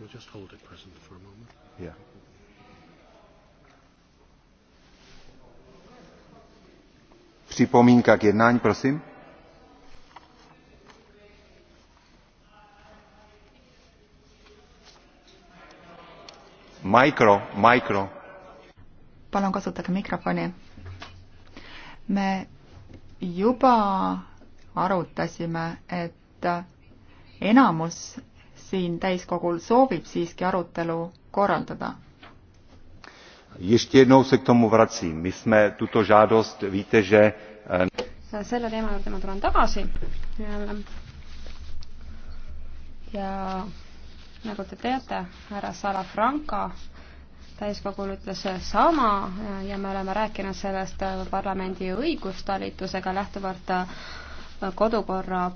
We'll just hold it present for a moment. Yeah. Připomínka k jednání, prosím. Mikro, mikro. palun kasutage mikrofoni. me juba arutasime, et enamus siin täiskogul soovib siiski arutelu korraldada. Ještě jednou se k tomu vracím. My jsme tuto žádost, víte, že... Eh, Selle teema juurde ma tulen tagasi jälle. Ja nagu te teate, härra Salafranca täiskogul ütles sama ja me oleme rääkinud sellest parlamendi õigustalitusega lähtuvalt kodukorra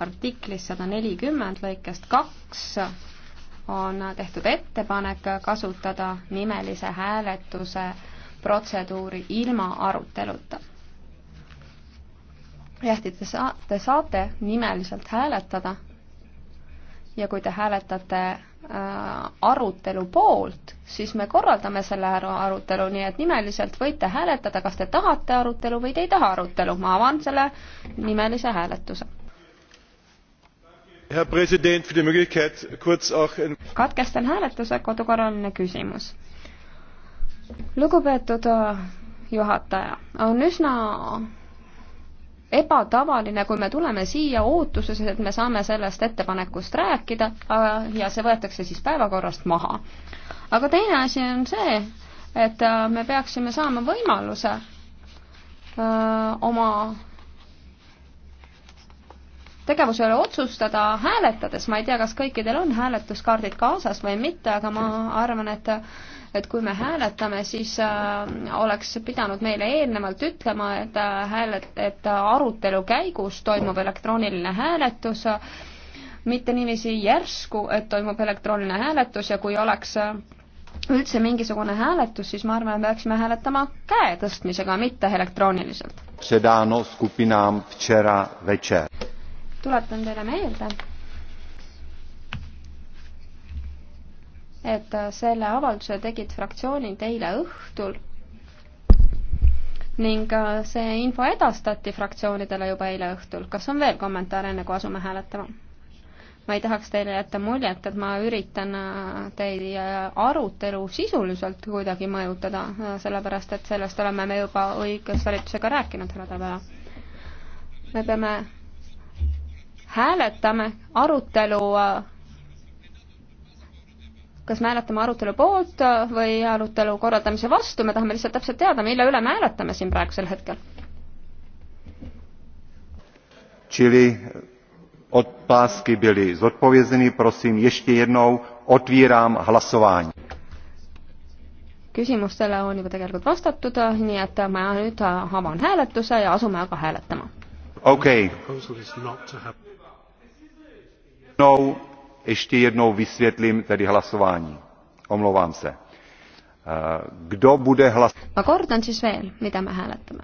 artiklis sada nelikümmend lõikest kaks on tehtud ettepanek kasutada nimelise hääletuse protseduuri ilma aruteluta. jah, te saa-, te saate nimeliselt hääletada ja kui te hääletate äh, arutelu poolt, siis me korraldame selle arutelu, nii et nimeliselt võite hääletada, kas te tahate arutelu või te ei taha arutelu. ma avan selle nimelise hääletuse katkestan hääletuse, kodukorraline küsimus. lugupeetud äh, juhataja, on üsna ebatavaline, kui me tuleme siia ootuses, et me saame sellest ettepanekust rääkida äh, ja see võetakse siis päevakorrast maha. aga teine asi on see, et äh, me peaksime saama võimaluse öö, oma tegevuse üle otsustada hääletades, ma ei tea, kas kõikidel on hääletuskaardid kaasas või mitte, aga ma arvan, et et kui me hääletame, siis äh, oleks pidanud meile eelnevalt ütlema, et äh, häälet-, et arutelu käigus toimub elektrooniline hääletus, mitte niiviisi järsku, et toimub elektrooniline hääletus ja kui oleks äh, üldse mingisugune hääletus, siis ma arvan, et peaksime hääletama käe tõstmisega, mitte elektrooniliselt. seda no skupinam včera večer tuletan teile meelde, et selle avalduse tegid fraktsioonid eile õhtul ning see info edastati fraktsioonidele juba eile õhtul. kas on veel kommentaare, enne kui asume hääletama? ma ei tahaks teile jätta muljet, et ma üritan äh, teie arutelu sisuliselt kuidagi mõjutada, äh, sellepärast et sellest oleme me juba õiguse talitusega rääkinud, härra Tabela. me peame hääletame arutelu, kas me hääletame arutelu poolt või arutelu korraldamise vastu, me tahame lihtsalt täpselt teada, mille üle me hääletame siin praegusel hetkel. Čili otázky byly zodpovězeny, prosím ještě jednou otvírám hlasování küsimustele on juba tegelikult vastatud, nii et ma nüüd avan hääletuse ja asume aga hääletama Okay. No, ještě jednou vysvětlím tedy hlasování. Omlouvám se. Eh, kdo bude hlasovat? Ma kordan siis veel, mida me hääletame.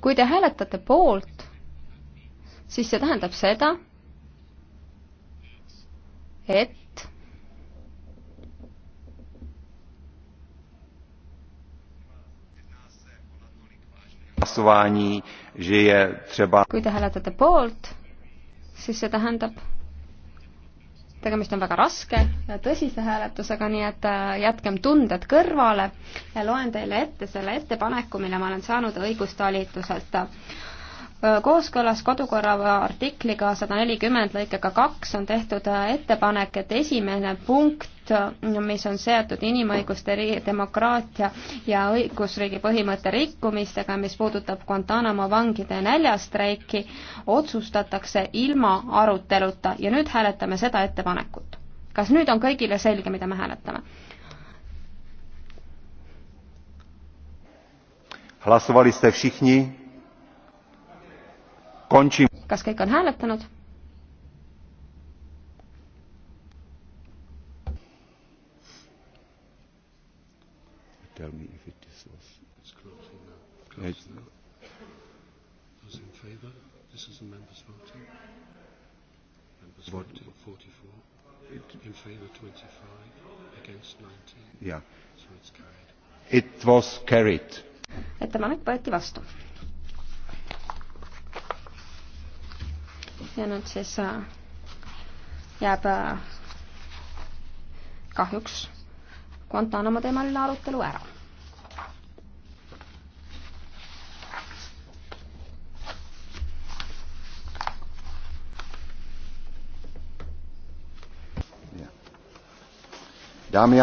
Kui te hääletate poolt, siis see tähendab seda, et kui te hääletate poolt, siis see tähendab, tegemist on väga raske ja tõsise hääletusega, nii et äh, jätkem tunded kõrvale ja loen teile ette selle ettepaneku, mille ma olen saanud õigustalituselt äh, kooskõlas kodukorra artikliga sada nelikümmend lõikega kaks on tehtud äh, ettepanek, et esimene punkt oht, mm, mis on seotud inimõiguste, demokraatia ja õigusriigi põhimõtte rikkumistega, mis puudutab Guantanamo vangide näljastreiki, otsustatakse ilma aruteluta ja nüüd hääletame seda ettepanekut. kas nüüd on kõigile selge, mida me hääletame? hlasovali ste všichni? končím. kas kõik on hääletanud? tell me if it is lost. It's closing now. Closing it's now. Those in favour? This is the members voting. Members What? voting 44. It, in favour 25. Against 19. Yeah. So it's carried. It was carried. ettepanek võeti vastu. ja nüüd siis äh, jääb äh, kahjuks Guantanamo teemaline arutelu ära dámy a pánové